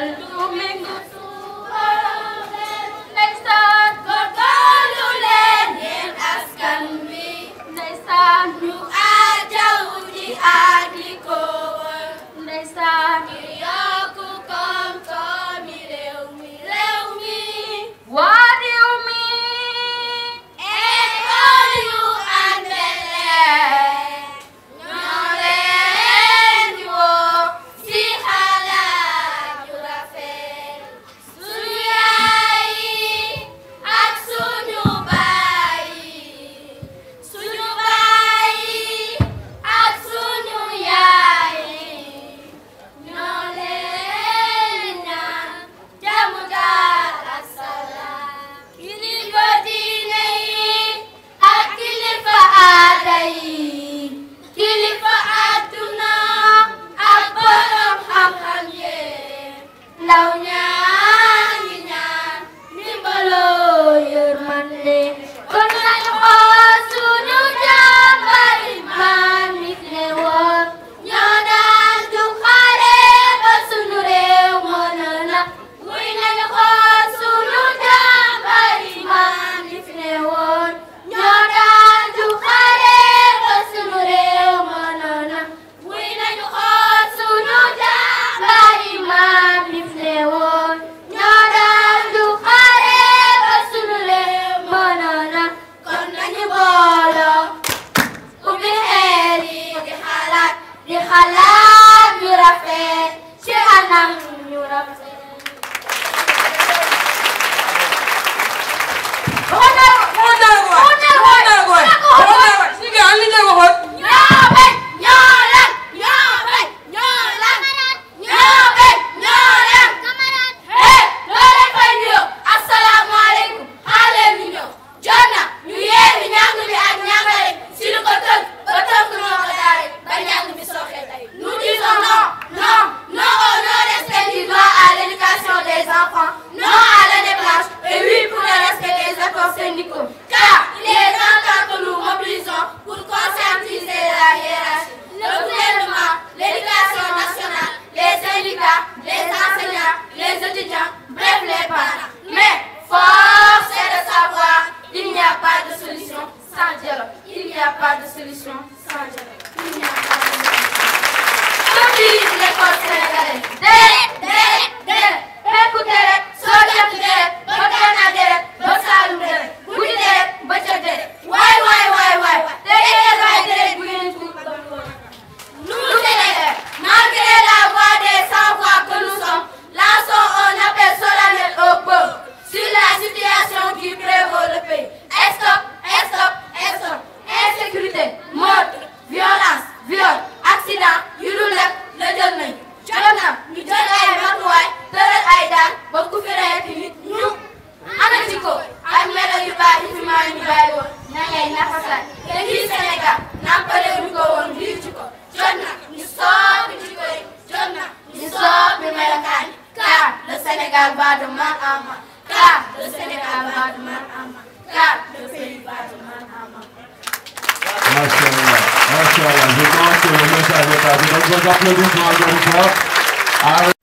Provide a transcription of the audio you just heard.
I'll do xalaat yu rafet ci anam non à la déplace et oui pour le respect des accords syndicaux. Car les est que nous mobilisons pour conscientiser la hiérarchie, le gouvernement, l'éducation nationale, les syndicats, les enseignants, les étudiants, bref les parents. Mais force est de savoir, il n'y a pas de solution sans dialogue. Il n'y a pas de solution sans dialogue. Il n'y a pas de solution. Sénégal va de mal en mal, car le Sénégal va de mal en mal, car le pays va de mal en mal. Machallah, machallah, je pense que le message est passé. Donc, vos applaudissements encore une fois.